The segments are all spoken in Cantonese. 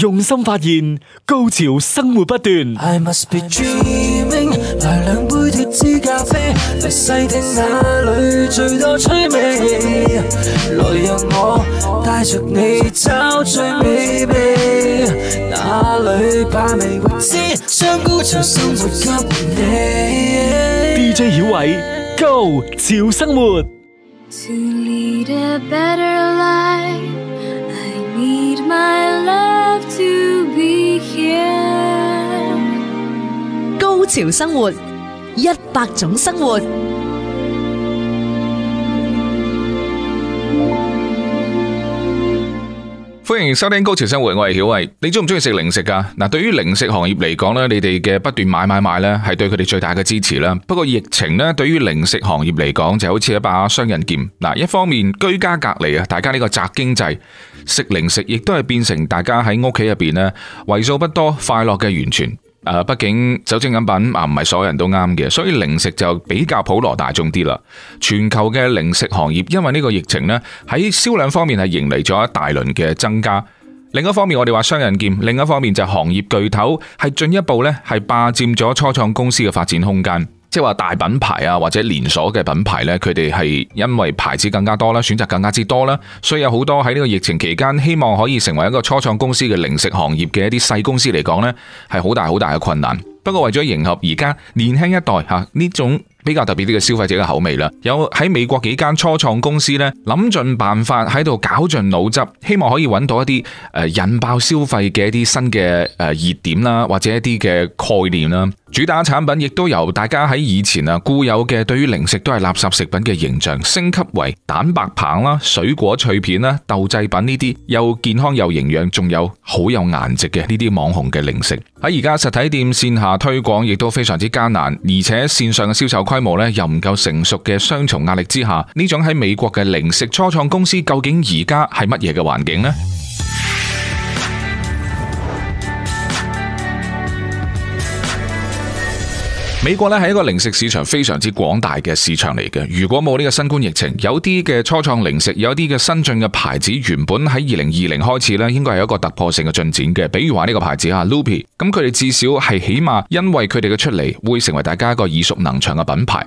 用心發現高潮生活不斷。來兩杯脱脂咖啡，來細聽那裏最多趣味。來讓我帶着你找最美秘，哪裏把味先將高潮生活給你。DJ 曉偉，高潮生活。潮生活，一百種生活。歡迎收聽《高潮生活》，我係曉慧。你中唔中意食零食噶？嗱，對於零食行業嚟講咧，你哋嘅不斷買買買咧，係對佢哋最大嘅支持啦。不過疫情咧，對於零食行業嚟講，就好似一把雙刃劍。嗱，一方面居家隔離啊，大家呢個宅經濟食零食，亦都係變成大家喺屋企入邊咧為數不多快樂嘅源泉。誒，畢竟酒精飲品啊，唔係所有人都啱嘅，所以零食就比較普羅大眾啲啦。全球嘅零食行業，因為呢個疫情咧，喺銷量方面係迎嚟咗一大輪嘅增加。另一方面，我哋話雙刃劍，另一方面就係行業巨頭係進一步咧係霸佔咗初創公司嘅發展空間。即係話大品牌啊，或者連鎖嘅品牌呢，佢哋係因為牌子更加多啦，選擇更加之多啦，所以有好多喺呢個疫情期間，希望可以成為一個初創公司嘅零食行業嘅一啲細公司嚟講呢，係好大好大嘅困難。不過為咗迎合而家年輕一代吓呢種比較特別啲嘅消費者嘅口味啦，有喺美國幾間初創公司咧，諗盡辦法喺度絞盡腦汁，希望可以揾到一啲誒引爆消費嘅一啲新嘅誒熱點啦，或者一啲嘅概念啦。主打產品亦都由大家喺以前啊固有嘅對於零食都係垃圾食品嘅形象，升級為蛋白棒啦、水果脆片啦、豆製品呢啲又健康又營養，仲有好有顏值嘅呢啲網紅嘅零食。喺而家實體店線下推廣亦都非常之艱難，而且線上嘅銷售規模咧又唔夠成熟嘅雙重壓力之下，呢種喺美國嘅零食初創公司，究竟而家係乜嘢嘅環境呢？美國咧係一個零食市場非常之廣大嘅市場嚟嘅。如果冇呢個新冠疫情，有啲嘅初創零食，有啲嘅新進嘅牌子，原本喺二零二零開始咧，應該係一個突破性嘅進展嘅。比如話呢個牌子啊，Loopy，咁佢哋至少係起碼，因為佢哋嘅出嚟，會成為大家一個耳熟能詳嘅品牌。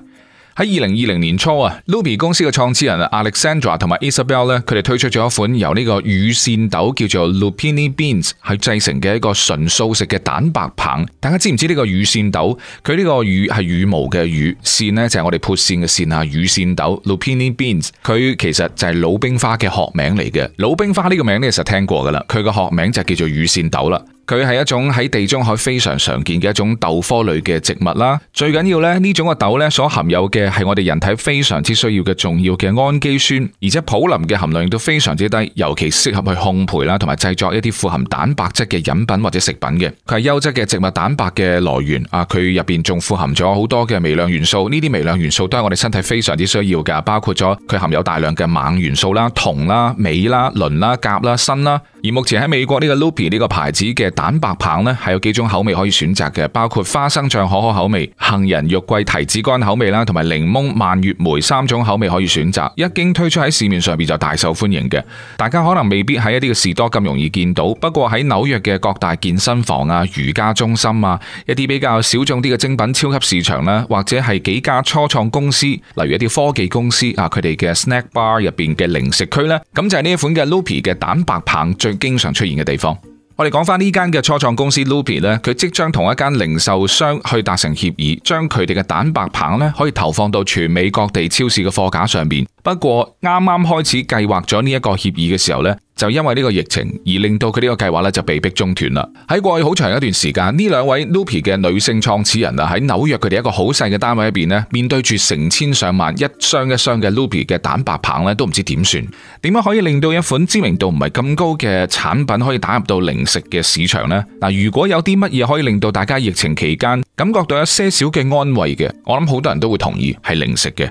喺二零二零年初啊，Lupi 公司嘅創始人 Alexandra 同埋 Isabel 咧，佢哋推出咗一款由呢個羽扇豆叫做 Lupini Beans 係製成嘅一個純素食嘅蛋白棒，棒。大家知唔知呢個羽扇豆？佢呢個羽係羽毛嘅羽扇呢，就係我哋潑扇嘅扇啊。羽扇豆 Lupini Beans，佢其實就係魯冰花嘅學名嚟嘅。魯冰花呢個名咧，其實聽過㗎喇。佢個學名就叫做羽扇豆啦。佢係一種喺地中海非常常見嘅一種豆科類嘅植物啦。最緊要呢，呢種嘅豆呢，所含有嘅係我哋人體非常之需要嘅重要嘅氨基酸，而且普林嘅含量亦都非常之低，尤其適合去烘焙啦，同埋製作一啲富含蛋白質嘅飲品或者食品嘅。佢係優質嘅植物蛋白嘅來源啊！佢入邊仲富含咗好多嘅微量元素，呢啲微量元素都係我哋身體非常之需要噶，包括咗佢含有大量嘅錳元素啦、銅啦、鎂啦、磷啦、鉀啦、鋅啦。而目前喺美國呢個 Loopy 呢個牌子嘅蛋白棒咧係有幾種口味可以選擇嘅，包括花生醬可可口味、杏仁肉桂提子乾口味啦，同埋檸檬蔓越莓三種口味可以選擇。一經推出喺市面上面就大受歡迎嘅，大家可能未必喺一啲嘅士多咁容易見到。不過喺紐約嘅各大健身房啊、瑜伽中心啊、一啲比較小眾啲嘅精品超級市場啦，或者係幾家初創公司，例如一啲科技公司啊，佢哋嘅 snack bar 入邊嘅零食區咧，咁就係呢一款嘅 Loopy 嘅蛋白棒最經常出現嘅地方。我哋講翻呢間嘅初創公司 Lupi 咧，佢即將同一間零售商去達成協議，將佢哋嘅蛋白棒咧可以投放到全美國地超市嘅貨架上面。不過啱啱開始計劃咗呢一個協議嘅時候咧。就因為呢個疫情而令到佢呢個計劃咧就被逼中斷啦。喺過去好長一段時間，呢兩位 Loopy 嘅女性創始人啊，喺紐約佢哋一個好細嘅單位入邊咧，面對住成千上萬一箱一箱嘅 Loopy 嘅蛋白棒咧，都唔知點算。點樣可以令到一款知名度唔係咁高嘅產品可以打入到零食嘅市場呢？嗱，如果有啲乜嘢可以令到大家疫情期間感覺到一些少嘅安慰嘅，我諗好多人都會同意係零食嘅。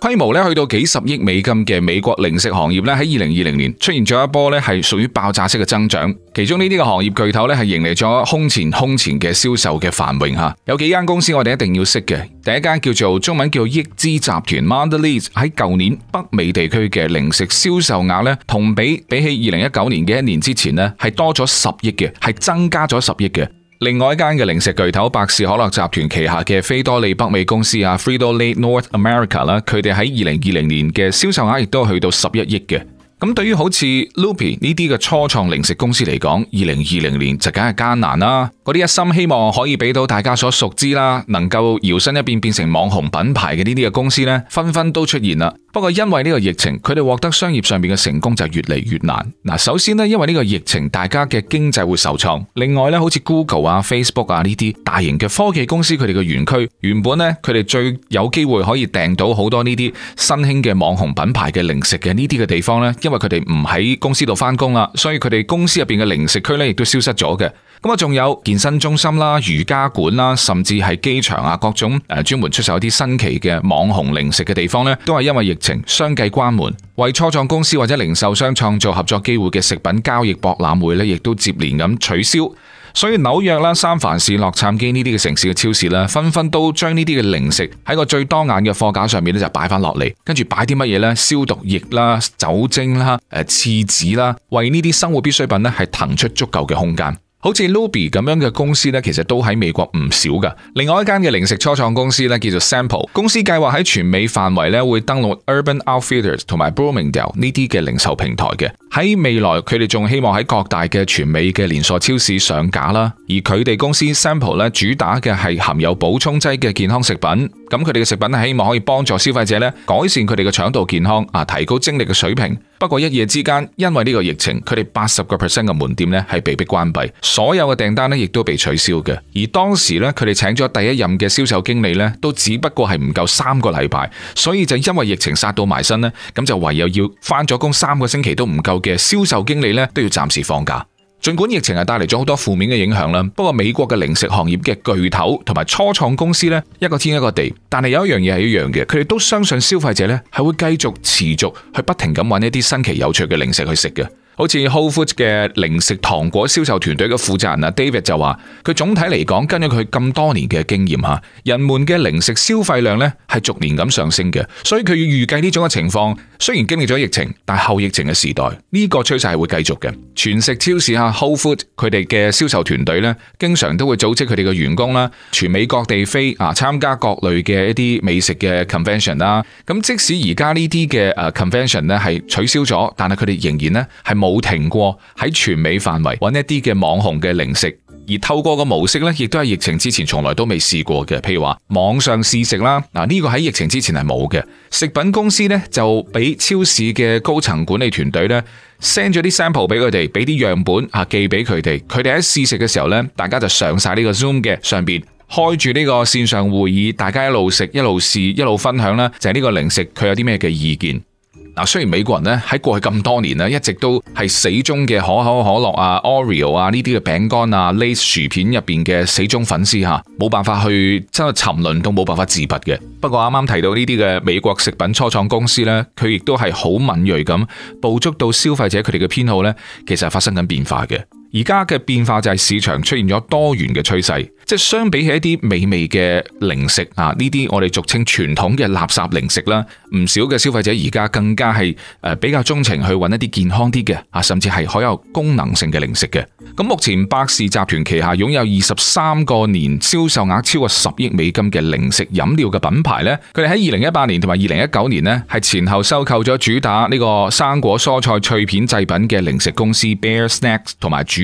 規模咧去到幾十億美金嘅美國零食行業咧，喺二零二零年出現咗一波咧係屬於爆炸式嘅增長。其中呢啲嘅行業巨頭咧係迎嚟咗空前空前嘅銷售嘅繁榮吓。有幾間公司我哋一定要識嘅，第一間叫做中文叫億滋集團 Mondelez 喺舊年北美地區嘅零食銷售額咧同比比起二零一九年嘅一年之前咧係多咗十億嘅，係增加咗十億嘅。另外一間嘅零食巨頭百事可樂集團旗下嘅菲多利北美公司啊，Frito-Lay North America，佢哋喺二零二零年嘅銷售額亦都去到十一億嘅。咁對於好似 Loopy 呢啲嘅初創零食公司嚟講，二零二零年就梗係艱難啦。嗰啲一心希望可以俾到大家所熟知啦，能夠搖身一變變成網紅品牌嘅呢啲嘅公司呢，紛紛都出現啦。不過因為呢個疫情，佢哋獲得商業上面嘅成功就越嚟越難。嗱，首先呢，因為呢個疫情，大家嘅經濟會受創，另外呢，好似 Google 啊、Facebook 啊呢啲大型嘅科技公司，佢哋嘅園區原本呢，佢哋最有機會可以訂到好多呢啲新興嘅網紅品牌嘅零食嘅呢啲嘅地方呢，因因為佢哋唔喺公司度翻工啦，所以佢哋公司入邊嘅零食區呢，亦都消失咗嘅。咁啊，仲有健身中心啦、瑜伽館啦，甚至係機場啊，各種誒專門出售一啲新奇嘅網紅零食嘅地方呢，都係因為疫情相繼關門。為初創公司或者零售商創造合作機會嘅食品交易博覽會呢，亦都接連咁取消。所以紐約啦、三藩市、洛杉磯呢啲嘅城市嘅超市咧，紛紛都將呢啲嘅零食喺個最當眼嘅貨架上面咧，就擺翻落嚟，跟住擺啲乜嘢咧？消毒液啦、酒精啦、誒、呃、廁紙啦，為呢啲生活必需品咧，係騰出足夠嘅空間。好似 Luby 咁樣嘅公司咧，其實都喺美國唔少噶。另外一間嘅零食初創公司咧，叫做 Sample。公司計劃喺全美範圍咧會登陸 Urban Outfitters 同埋 Bloomingdale 呢啲嘅零售平台嘅。喺未來，佢哋仲希望喺各大嘅全美嘅連鎖超市上架啦。而佢哋公司 Sample 咧主打嘅係含有補充劑嘅健康食品。咁佢哋嘅食品係希望可以幫助消費者咧改善佢哋嘅腸道健康，啊提高精力嘅水平。不過一夜之間，因為呢個疫情，佢哋八十個 percent 嘅門店咧係被迫關閉，所有嘅訂單咧亦都被取消嘅。而當時咧，佢哋請咗第一任嘅銷售經理咧，都只不過係唔夠三個禮拜，所以就因為疫情殺到埋身咧，咁就唯有要返咗工三個星期都唔夠嘅銷售經理咧，都要暫時放假。儘管疫情係帶嚟咗好多負面嘅影響啦，不過美國嘅零食行業嘅巨頭同埋初創公司咧，一個天一個地，但係有一樣嘢係一樣嘅，佢哋都相信消費者呢係會繼續持續去不停咁搵一啲新奇有趣嘅零食去食嘅。好似 Whole Foods 嘅零食糖果銷售團隊嘅負責人啊，David 就話佢總體嚟講，跟咗佢咁多年嘅經驗吓，人們嘅零食消費量咧係逐年咁上升嘅，所以佢要預計呢種嘅情況。雖然經歷咗疫情，但係後疫情嘅時代呢個趨勢係會繼續嘅。全食超市啊，Whole Foods 佢哋嘅銷售團隊咧，經常都會組織佢哋嘅員工啦，全美各地飛啊，參加各類嘅一啲美食嘅 convention 啦。咁即使而家呢啲嘅誒 convention 咧係取消咗，但係佢哋仍然咧係冇停過喺全美範圍揾一啲嘅網紅嘅零食，而透過個模式呢，亦都係疫情之前從來都未試過嘅。譬如話網上試食啦，嗱、這、呢個喺疫情之前係冇嘅。食品公司呢，就俾超市嘅高層管理團隊呢 send 咗啲 sample 俾佢哋，俾啲樣本啊寄俾佢哋。佢哋喺試食嘅時候呢，大家就上晒呢個 Zoom 嘅上邊開住呢個線上會議，大家一路食一路試一路分享啦，就係、是、呢個零食佢有啲咩嘅意見。嗱，雖然美國人咧喺過去咁多年咧，一直都係死忠嘅可口可樂啊、Oreo 啊呢啲嘅餅乾啊、Lay's 薯片入邊嘅死忠粉絲嚇，冇辦法去真係沉淪，都冇辦法自拔嘅。不過啱啱提到呢啲嘅美國食品初創公司咧，佢亦都係好敏鋭咁捕捉到消費者佢哋嘅偏好咧，其實係發生緊變化嘅。而家嘅變化就係市場出現咗多元嘅趨勢，即係相比起一啲美味嘅零食啊，呢啲我哋俗稱傳統嘅垃圾零食啦，唔少嘅消費者而家更加係誒比較鍾情去揾一啲健康啲嘅啊，甚至係可有功能性嘅零食嘅。咁目前百事集團旗下擁有二十三個年銷售額超過十億美金嘅零食飲料嘅品牌呢，佢哋喺二零一八年同埋二零一九年呢係前後收購咗主打呢個生果蔬菜脆片製品嘅零食公司 Bear Snacks 同埋主。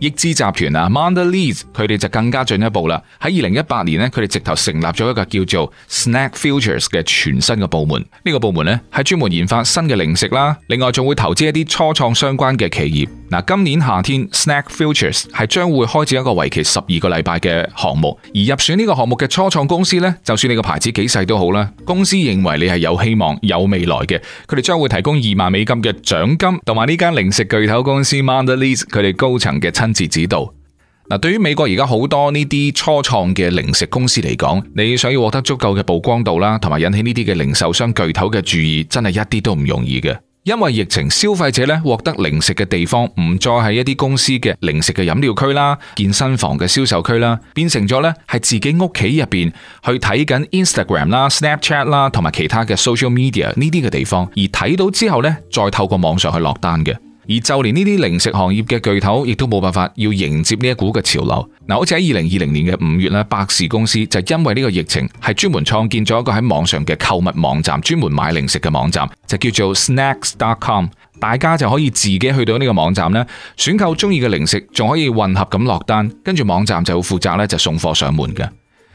億滋集團啊，Mondelez 佢哋就更加進一步啦。喺二零一八年呢，佢哋直頭成立咗一個叫做 Snack Futures 嘅全新嘅部門。呢、這個部門呢，係專門研發新嘅零食啦。另外仲會投資一啲初創相關嘅企業。嗱，今年夏天 Snack Futures 係將會開設一個為期十二個禮拜嘅項目。而入選呢個項目嘅初創公司呢，就算你個牌子幾細都好啦，公司認為你係有希望、有未來嘅，佢哋將會提供二萬美金嘅獎金，同埋呢間零食巨頭公司 Mondelez 佢哋高層嘅親自指導。嗱，對於美國而家好多呢啲初創嘅零食公司嚟講，你想要獲得足夠嘅曝光度啦，同埋引起呢啲嘅零售商巨頭嘅注意，真係一啲都唔容易嘅。因為疫情，消費者咧獲得零食嘅地方唔再係一啲公司嘅零食嘅飲料區啦、健身房嘅銷售區啦，變成咗咧係自己屋企入邊去睇緊 Instagram 啦、Snapchat 啦，同埋其他嘅 social media 呢啲嘅地方，而睇到之後咧，再透過網上去落單嘅。而就連呢啲零食行業嘅巨頭，亦都冇辦法要迎接呢一股嘅潮流。嗱，好似喺二零二零年嘅五月呢，百事公司就因為呢個疫情，係專門創建咗一個喺網上嘅購物網站，專門買零食嘅網站，就叫做 Snacks.com。大家就可以自己去到呢個網站呢，選購中意嘅零食，仲可以混合咁落單，跟住網站就會負責呢，就送貨上門嘅。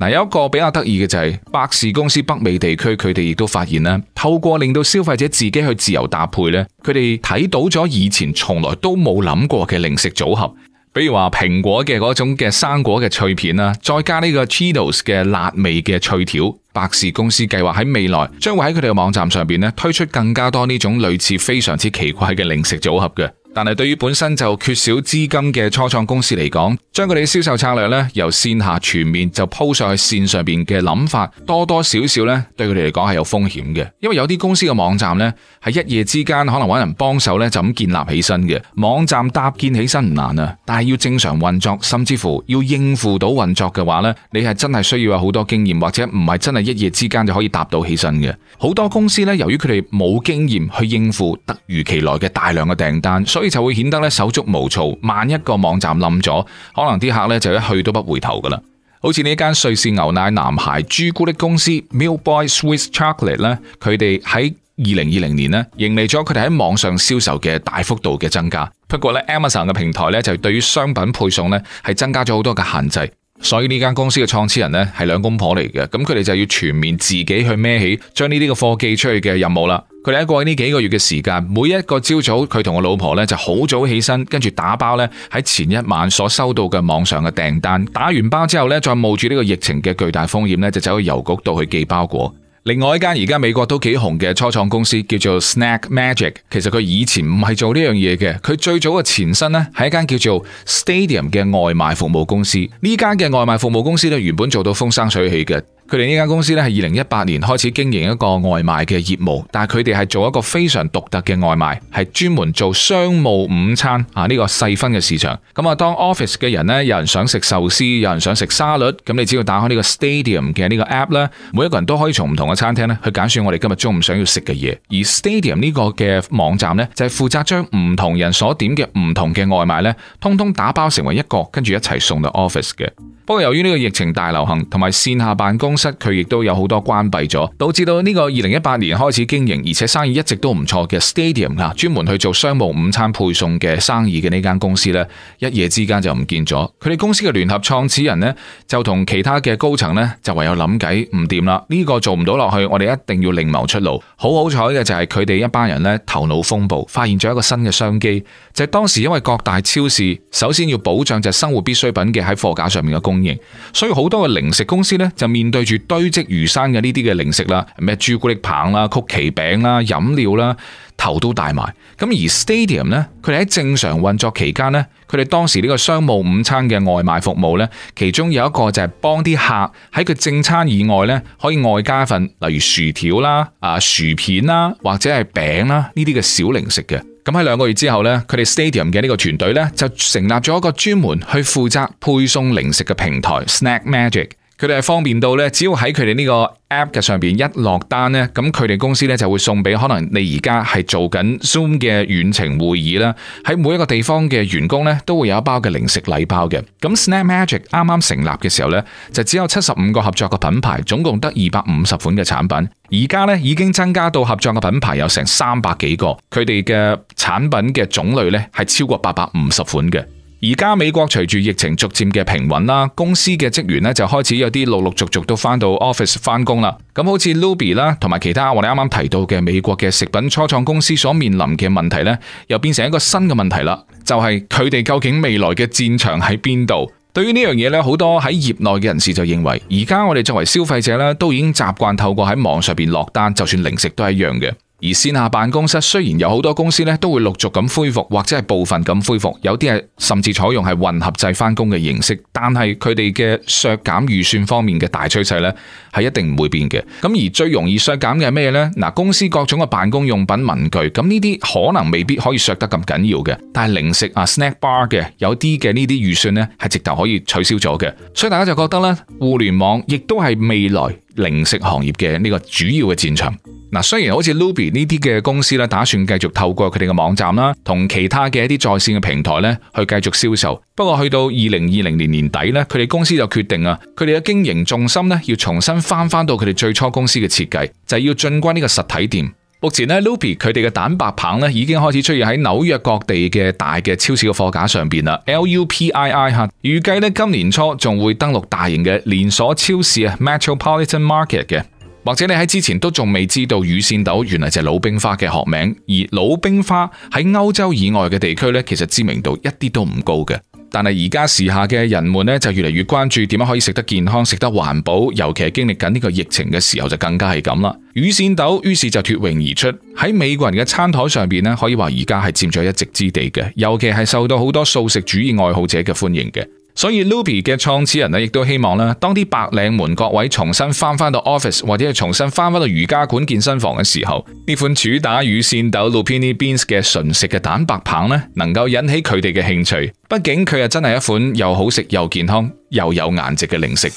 有一個比較得意嘅就係、是、百事公司北美地區，佢哋亦都發現咧，透過令到消費者自己去自由搭配咧，佢哋睇到咗以前從來都冇諗過嘅零食組合，比如話蘋果嘅嗰種嘅生果嘅脆片啦，再加呢個 Cheetos 嘅辣味嘅脆條，百事公司計劃喺未來將會喺佢哋嘅網站上邊咧推出更加多呢種類似非常之奇怪嘅零食組合嘅。但係對於本身就缺少資金嘅初創公司嚟講，將佢哋嘅銷售策略咧由綫下全面就鋪上去綫上邊嘅諗法，多多少少咧對佢哋嚟講係有風險嘅，因為有啲公司嘅網站咧係一夜之間可能揾人幫手咧就咁建立起身嘅，網站搭建起身唔難啊，但係要正常運作，甚至乎要應付到運作嘅話咧，你係真係需要有好多經驗，或者唔係真係一夜之間就可以搭到起身嘅。好多公司咧由於佢哋冇經驗去應付突如其來嘅大量嘅訂單，所以就會顯得咧手足無措，萬一個網站冧咗，可能啲客咧就一去都不回頭噶啦。好似呢間瑞士牛奶男孩朱古力公司 Milk Boy Swiss Chocolate 咧，佢哋喺二零二零年呢迎嚟咗佢哋喺網上銷售嘅大幅度嘅增加。不過咧 Amazon 嘅平台咧就對於商品配送咧係增加咗好多嘅限制，所以呢間公司嘅創始人咧係兩公婆嚟嘅，咁佢哋就要全面自己去孭起將呢啲嘅貨寄出去嘅任務啦。佢哋喺過去呢幾個月嘅時間，每一個朝早佢同我老婆咧就好早起身，跟住打包咧喺前一晚所收到嘅網上嘅訂單，打完包之後咧，再冒住呢個疫情嘅巨大風險咧，就走去郵局度去寄包裹。另外一間而家美國都幾紅嘅初創公司叫做 Snack Magic，其實佢以前唔係做呢樣嘢嘅，佢最早嘅前身呢係一間叫做 Stadium 嘅外賣服務公司，呢間嘅外賣服務公司咧原本做到風生水起嘅。佢哋呢間公司咧，係二零一八年開始經營一個外賣嘅業務，但係佢哋係做一個非常獨特嘅外賣，係專門做商務午餐啊呢、這個細分嘅市場。咁、嗯、啊，當 office 嘅人咧，有人想食壽司，有人想食沙律，咁你只要打開呢個 Stadium 嘅呢個 app 咧，每一個人都可以從唔同嘅餐廳咧去揀選我哋今日中午想要食嘅嘢。而 Stadium 呢個嘅網站呢，就係、是、負責將唔同人所點嘅唔同嘅外賣呢，通通打包成為一個，跟住一齊送到 office 嘅。不過由於呢個疫情大流行同埋線下辦公。佢亦都有好多關閉咗，導致到呢個二零一八年開始經營，而且生意一直都唔錯嘅 Stadium 啊，專門去做商務午餐配送嘅生意嘅呢間公司呢，一夜之間就唔見咗。佢哋公司嘅聯合創始人呢，就同其他嘅高層呢，就唯有諗計唔掂啦。呢個做唔到落去，我哋一定要另謀出路。好好彩嘅就係佢哋一班人呢，頭腦風暴，發現咗一個新嘅商機，就係當時因為各大超市首先要保障就係生活必需品嘅喺貨架上面嘅供應，所以好多嘅零食公司呢，就面對住。住堆積如山嘅呢啲嘅零食啦，咩朱古力棒啦，曲奇餅啦，飲料啦，頭都大埋。咁而 Stadium 呢，佢哋喺正常運作期間呢，佢哋當時呢個商務午餐嘅外賣服務呢，其中有一個就係幫啲客喺佢正餐以外呢，可以外加一份，例如薯條啦、啊薯片啦或者係餅啦呢啲嘅小零食嘅。咁喺兩個月之後呢，佢哋 Stadium 嘅呢個團隊呢，就成立咗一個專門去負責配送零食嘅平台 Snack Magic。佢哋係方便到呢，只要喺佢哋呢個 app 嘅上邊一落單呢，咁佢哋公司呢就會送俾可能你而家係做緊 Zoom 嘅遠程會議啦，喺每一個地方嘅員工呢都會有一包嘅零食禮包嘅。咁 Snap Magic 啱啱成立嘅時候呢，就只有七十五個合作嘅品牌，總共得二百五十款嘅產品。而家呢已經增加到合作嘅品牌有成三百幾個，佢哋嘅產品嘅種類呢係超過八百五十款嘅。而家美國隨住疫情逐漸嘅平穩啦，公司嘅職員呢就開始有啲陸陸續續都翻到 office 翻工啦。咁好似 Luby 啦，同埋其他我哋啱啱提到嘅美國嘅食品初創公司所面臨嘅問題呢，又變成一個新嘅問題啦。就係佢哋究竟未來嘅戰場喺邊度？對於呢樣嘢呢，好多喺業內嘅人士就認為，而家我哋作為消費者呢，都已經習慣透過喺網上邊落單，就算零食都係一樣嘅。而線下辦公室雖然有好多公司咧都會陸續咁恢復或者係部分咁恢復，有啲係甚至採用係混合制返工嘅形式，但係佢哋嘅削減預算方面嘅大趨勢呢，係一定唔會變嘅。咁而最容易削減嘅係咩呢？嗱，公司各種嘅辦公用品文具，咁呢啲可能未必可以削得咁緊要嘅，但係零食啊、snack bar 嘅有啲嘅呢啲預算呢，係直頭可以取消咗嘅。所以大家就覺得呢，互聯網亦都係未來零食行業嘅呢個主要嘅戰場。嗱，雖然好似 Lupii 呢啲嘅公司咧，打算繼續透過佢哋嘅網站啦，同其他嘅一啲在線嘅平台咧，去繼續銷售。不過去到二零二零年年底咧，佢哋公司就決定啊，佢哋嘅經營重心咧，要重新翻翻到佢哋最初公司嘅設計，就係、係、要進軍呢個實體店。目前咧 Lupii 佢哋嘅蛋白棒咧，已經開始出現喺紐約各地嘅大嘅超市嘅貨架上邊啦。L U P I I 嚇，預計咧今年初仲會登陸大型嘅連鎖超市啊，Metropolitan Market 嘅。或者你喺之前都仲未知道羽扇豆原嚟就係魯冰花嘅學名，而魯冰花喺歐洲以外嘅地區呢，其實知名度一啲都唔高嘅。但係而家時下嘅人們呢，就越嚟越關注點樣可以食得健康、食得環保，尤其係經歷緊呢個疫情嘅時候就更加係咁啦。羽扇豆於是就脫穎而出，喺美國人嘅餐台上邊呢，可以話而家係佔咗一席之地嘅，尤其係受到好多素食主義愛好者嘅歡迎嘅。所以 Luby 嘅創始人咧，亦都希望咧，當啲白領們各位重新翻翻到 office，或者係重新翻翻到瑜伽館、健身房嘅時候，呢款主打羽扇豆 Lupini Beans 嘅純食嘅蛋白棒咧，能夠引起佢哋嘅興趣。畢竟佢又真係一款又好食、又健康、又有顏值嘅零食。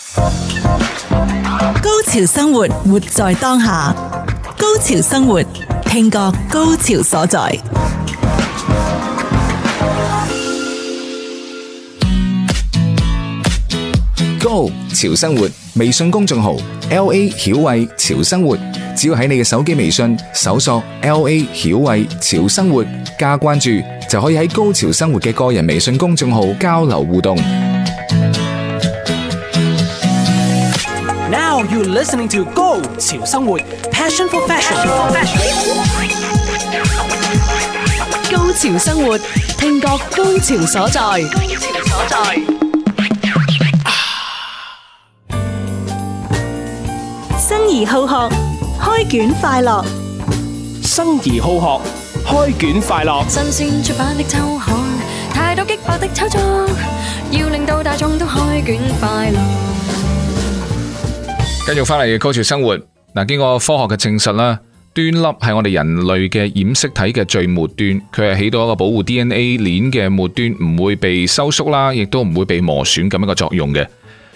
高潮生活，活在當下。高潮生活，聽覺高潮所在。Go 潮生活微信公眾號，L A 曉慧潮生活，只要喺你嘅手機微信搜索 L A 曉慧潮生活加關注，就可以喺高潮生活嘅個人微信公眾號交流互動。Now you're listening to Go 潮生活，Passion for Fashion。高潮生活，聽覺高潮所在。高潮所在。生而好學，開卷快樂。生而好學，開卷快樂。新鮮出版的週刊，太多激烈的炒作，要令到大眾都開卷快樂。繼續翻嚟嘅高潮生活，嗱，經過科學嘅證實啦，端粒係我哋人類嘅染色體嘅最末端，佢係起到一個保護 DNA 鏈嘅末端唔會被收縮啦，亦都唔會被磨損咁一個作用嘅。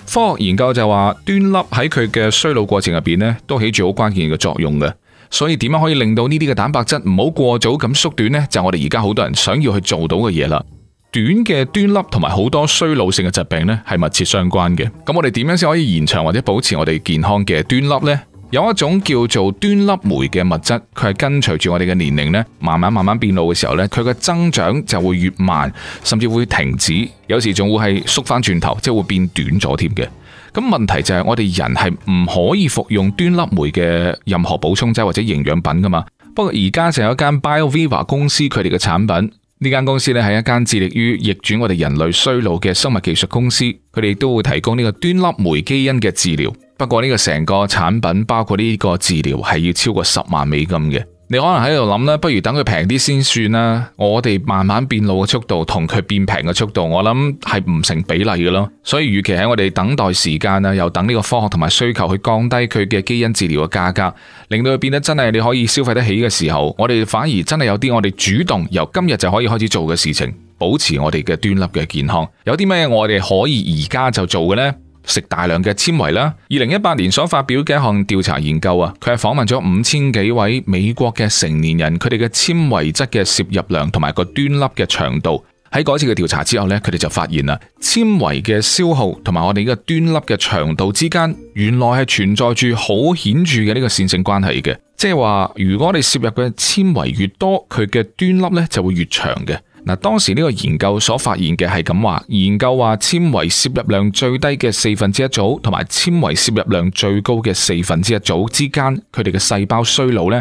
科學研究就話端粒喺佢嘅衰老過程入邊呢，都起住好關鍵嘅作用嘅。所以點樣可以令到呢啲嘅蛋白質唔好過早咁縮短呢？就係我哋而家好多人想要去做到嘅嘢啦。短嘅端粒同埋好多衰老性嘅疾病呢係密切相關嘅。咁我哋點樣先可以延長或者保持我哋健康嘅端粒呢？有一種叫做端粒酶嘅物質，佢係跟隨住我哋嘅年齡咧，慢慢慢慢變老嘅時候咧，佢嘅增長就會越慢，甚至會停止，有時仲會係縮翻轉頭，即係會變短咗添嘅。咁問題就係我哋人係唔可以服用端粒酶嘅任何補充劑或者營養品噶嘛。不過而家就有一間 BioViva 公司，佢哋嘅產品呢間公司咧係一間致力於逆轉我哋人類衰老嘅生物技術公司，佢哋都會提供呢個端粒酶基因嘅治療。不過呢個成個產品包括呢個治療係要超過十萬美金嘅，你可能喺度諗啦，不如等佢平啲先算啦。我哋慢慢變老嘅速度同佢變平嘅速度，我諗係唔成比例嘅咯。所以，與其喺我哋等待時間啊，又等呢個科學同埋需求去降低佢嘅基因治療嘅價格，令到佢變得真係你可以消費得起嘅時候，我哋反而真係有啲我哋主動由今日就可以開始做嘅事情，保持我哋嘅端粒嘅健康。有啲咩我哋可以而家就做嘅呢？食大量嘅纖維啦。二零一八年所發表嘅一項調查研究啊，佢係訪問咗五千幾位美國嘅成年人，佢哋嘅纖維質嘅攝入量同埋個端粒嘅長度。喺嗰次嘅調查之後呢，佢哋就發現啦，纖維嘅消耗同埋我哋呢個端粒嘅長度之間，原來係存在住好顯著嘅呢個線性關係嘅。即係話，如果我哋攝入嘅纖維越多，佢嘅端粒呢就會越長嘅。嗱，當時呢個研究所發現嘅係咁話，研究話纖維攝入量最低嘅四分之一組，同埋纖維攝入量最高嘅四分之一組之間，佢哋嘅細胞衰老呢，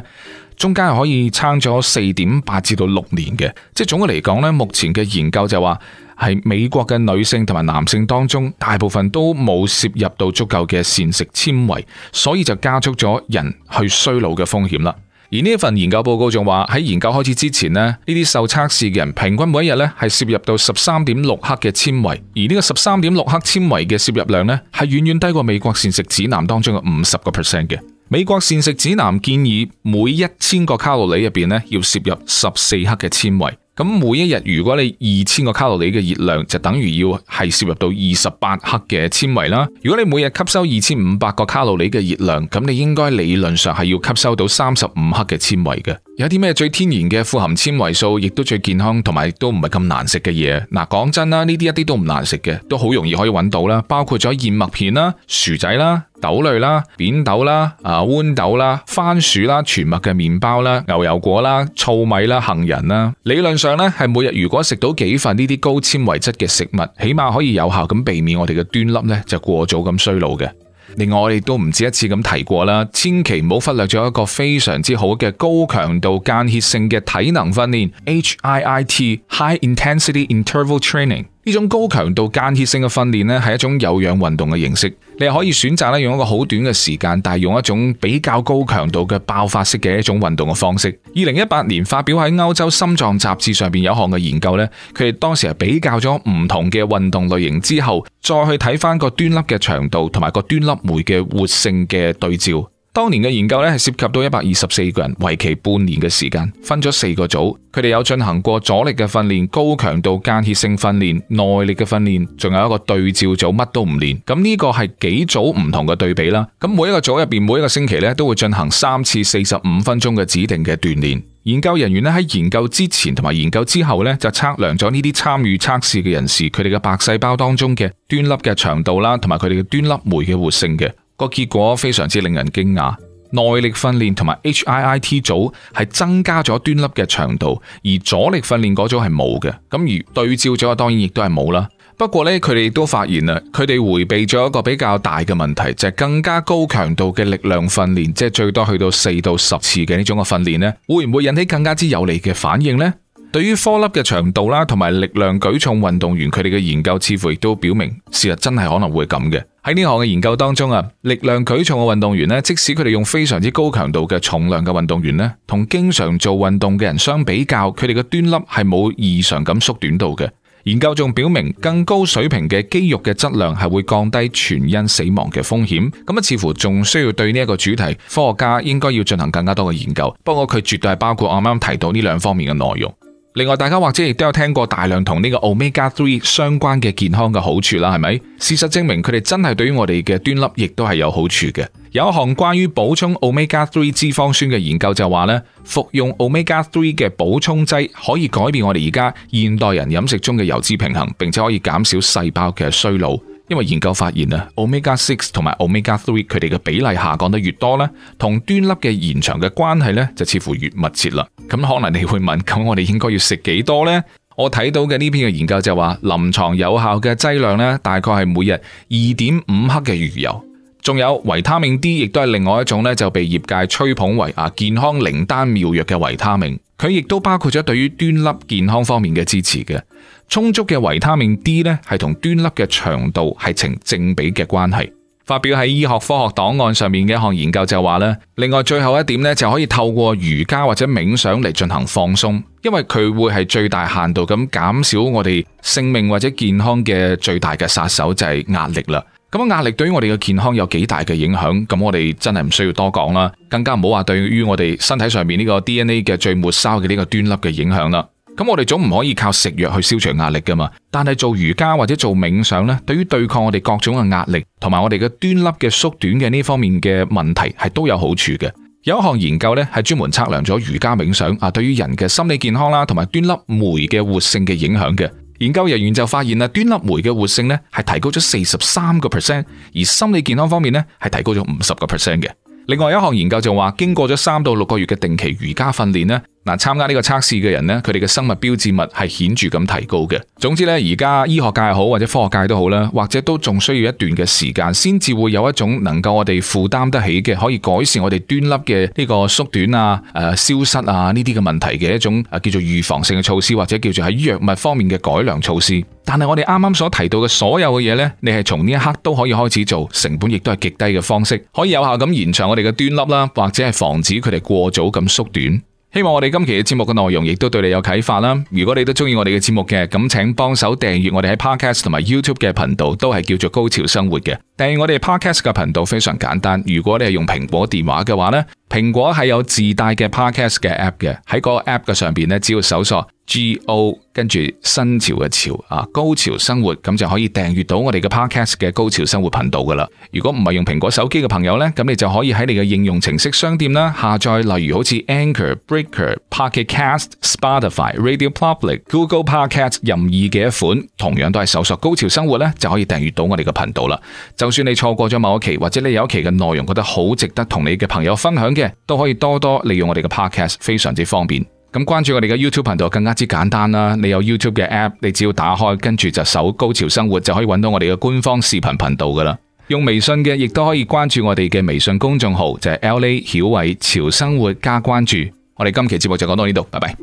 中間可以撐咗四點八至到六年嘅。即係總嘅嚟講呢，目前嘅研究就話係美國嘅女性同埋男性當中，大部分都冇攝入到足夠嘅膳食纖維，所以就加速咗人去衰老嘅風險啦。而呢份研究報告仲話，喺研究開始之前咧，呢啲受測試嘅人平均每日咧，係攝入到十三點六克嘅纖維，而呢個十三點六克纖維嘅攝入量呢，係遠遠低過美國膳食指南當中嘅五十個 percent 嘅。美國膳食指南建議每一千個卡路里裏面入面咧，要攝入十四克嘅纖維。咁每一日如果你二千個卡路里嘅熱量，就等於要係攝入到二十八克嘅纖維啦。如果你每日吸收二千五百個卡路里嘅熱量，咁你應該理論上係要吸收到三十五克嘅纖維嘅。有啲咩最天然嘅富含纖維素，亦都最健康，同埋都唔係咁難食嘅嘢？嗱、啊，講真啦，呢啲一啲都唔難食嘅，都好容易可以揾到啦。包括咗燕麥片啦、薯仔啦、豆類啦、扁豆啦、啊豌豆啦、番薯啦、全麥嘅麵包啦、牛油果啦、糙米啦、杏仁啦。理論上呢，係每日如果食到幾份呢啲高纖維質嘅食物，起碼可以有效咁避免我哋嘅端粒咧就過早咁衰老嘅。另外，我哋都唔止一次咁提過啦，千祈唔好忽略咗一個非常之好嘅高強度間歇性嘅體能訓練 （H I I T，High Intensity Interval Training）。呢種高強度間歇性嘅訓練咧，係一種有氧運動嘅形式。你係可以選擇咧用一個好短嘅時間，但係用一種比較高強度嘅爆發式嘅一種運動嘅方式。二零一八年發表喺歐洲心臟雜誌上邊有一項嘅研究咧，佢哋當時係比較咗唔同嘅運動類型之後，再去睇翻個端粒嘅長度同埋個端粒酶嘅活性嘅對照。當年嘅研究咧係涉及到一百二十四個人，為期半年嘅時間，分咗四個組，佢哋有進行過阻力嘅訓練、高強度間歇性訓練、耐力嘅訓練，仲有一個對照組，乜都唔練。咁、這、呢個係幾組唔同嘅對比啦。咁每一個組入邊每一個星期咧都會進行三次四十五分鐘嘅指定嘅鍛煉。研究人員咧喺研究之前同埋研究之後咧就測量咗呢啲參與測試嘅人士，佢哋嘅白細胞當中嘅端粒嘅長度啦，同埋佢哋嘅端粒酶嘅活性嘅。個結果非常之令人驚訝，耐力訓練同埋 H I I T 組係增加咗端粒嘅長度，而阻力訓練嗰組係冇嘅。咁而對照組，啊，當然亦都係冇啦。不過呢，佢哋都發現啦，佢哋回避咗一個比較大嘅問題，就係、是、更加高強度嘅力量訓練，即、就、係、是、最多去到四到十次嘅呢種嘅訓練呢會唔會引起更加之有利嘅反應呢？對於科粒嘅長度啦，同埋力量舉重運動員佢哋嘅研究，似乎亦都表明事實真係可能會咁嘅。喺呢項嘅研究當中啊，力量舉重嘅運動員呢，即使佢哋用非常之高強度嘅重量嘅運動員呢，同經常做運動嘅人相比較，佢哋嘅端粒係冇異常咁縮短到嘅。研究仲表明，更高水平嘅肌肉嘅質量係會降低全因死亡嘅風險。咁啊，似乎仲需要對呢一個主題，科學家應該要進行更加多嘅研究。不過佢絕對係包括我啱啱提到呢兩方面嘅內容。另外，大家或者亦都有聽過大量同呢個 omega three 相關嘅健康嘅好處啦，係咪？事實證明佢哋真係對於我哋嘅端粒亦都係有好處嘅。有一項關於補充 omega three 脂肪酸嘅研究就話咧，服用 omega three 嘅補充劑可以改變我哋而家現代人飲食中嘅油脂平衡，並且可以減少細胞嘅衰老。因為研究發現啊，Omega 6同埋 Omega 3佢哋嘅比例下降得越多呢，同端粒嘅延長嘅關係呢就似乎越密切啦。咁可能你會問，咁我哋應該要食幾多呢？我睇到嘅呢篇嘅研究就話，臨床有效嘅劑量呢，大概係每日二點五克嘅魚油。仲有維他命 D，亦都係另外一種呢就被業界吹捧為啊健康靈丹妙藥嘅維他命，佢亦都包括咗對於端粒健康方面嘅支持嘅。充足嘅維他命 D 呢，係同端粒嘅長度係呈正比嘅關係。發表喺醫學科學檔案上面嘅一項研究就話呢，另外最後一點呢，就可以透過瑜伽或者冥想嚟進行放鬆，因為佢會係最大限度咁減少我哋性命或者健康嘅最大嘅殺手就係壓力啦。咁樣壓力對於我哋嘅健康有幾大嘅影響，咁我哋真係唔需要多講啦，更加唔好話對於我哋身體上面呢個 DNA 嘅最末梢嘅呢個端粒嘅影響啦。咁我哋總唔可以靠食藥去消除壓力噶嘛？但係做瑜伽或者做冥想咧，對於對抗我哋各種嘅壓力，同埋我哋嘅端粒嘅縮短嘅呢方面嘅問題係都有好處嘅。有一項研究咧，係專門測量咗瑜伽冥想啊，對於人嘅心理健康啦，同埋端粒酶嘅活性嘅影響嘅。研究人員就發現啦，端粒酶嘅活性咧係提高咗四十三個 percent，而心理健康方面咧係提高咗五十個 percent 嘅。另外一項研究就話，經過咗三到六個月嘅定期瑜伽訓練咧。嗱，參加呢個測試嘅人呢，佢哋嘅生物標誌物係顯著咁提高嘅。總之呢，而家醫學界好，或者科學界都好啦，或者都仲需要一段嘅時間先至會有一種能夠我哋負擔得起嘅，可以改善我哋端粒嘅呢個縮短啊、誒、呃、消失啊呢啲嘅問題嘅一種啊叫做預防性嘅措施，或者叫做喺藥物方面嘅改良措施。但係我哋啱啱所提到嘅所有嘅嘢呢，你係從呢一刻都可以開始做，成本亦都係極低嘅方式，可以有效咁延長我哋嘅端粒啦，或者係防止佢哋過早咁縮短。希望我哋今期嘅節目嘅內容，亦都對你有啟發啦！如果你都中意我哋嘅節目嘅，咁請幫手訂閱我哋喺 Podcast 同埋 YouTube 嘅頻道，都係叫做高潮生活嘅。訂閱我哋 Podcast 嘅頻道非常簡單，如果你係用蘋果電話嘅話呢，蘋果係有自帶嘅 Podcast 嘅 App 嘅，喺個 App 嘅上面呢，只要搜索。G O 跟住新潮嘅潮啊，高潮生活咁，就可以訂閱到我哋嘅 Podcast 嘅高潮生活頻道噶啦。如果唔係用蘋果手機嘅朋友呢，咁你就可以喺你嘅應用程式商店啦下載，例如好似 Anchor Breaker、Pocket Cast、Spotify、Radio Public、Google Podcast 任意嘅一款，同樣都係搜索高潮生活呢，就可以訂閱到我哋嘅頻道啦。就算你錯過咗某一期，或者你有一期嘅內容覺得好值得同你嘅朋友分享嘅，都可以多多利用我哋嘅 Podcast，非常之方便。咁關注我哋嘅 YouTube 頻道更加之簡單啦。你有 YouTube 嘅 App，你只要打開，跟住就搜“高潮生活”就可以揾到我哋嘅官方視頻頻道噶啦。用微信嘅亦都可以關注我哋嘅微信公眾號，就係、是、L A 曉偉潮生活加關注。我哋今期節目就講到呢度，拜拜。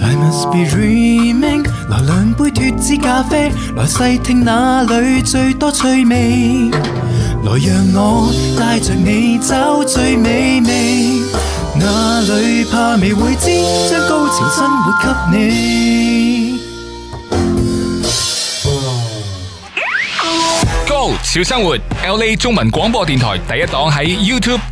I must be dreaming。拿兩杯脫脂咖啡，來細聽哪裏最多趣味，來讓我帶着你走最美味。哪裏怕未會知，將高潮生活給你。Go 潮生活，LA 中文廣播電台第一檔喺 YouTube。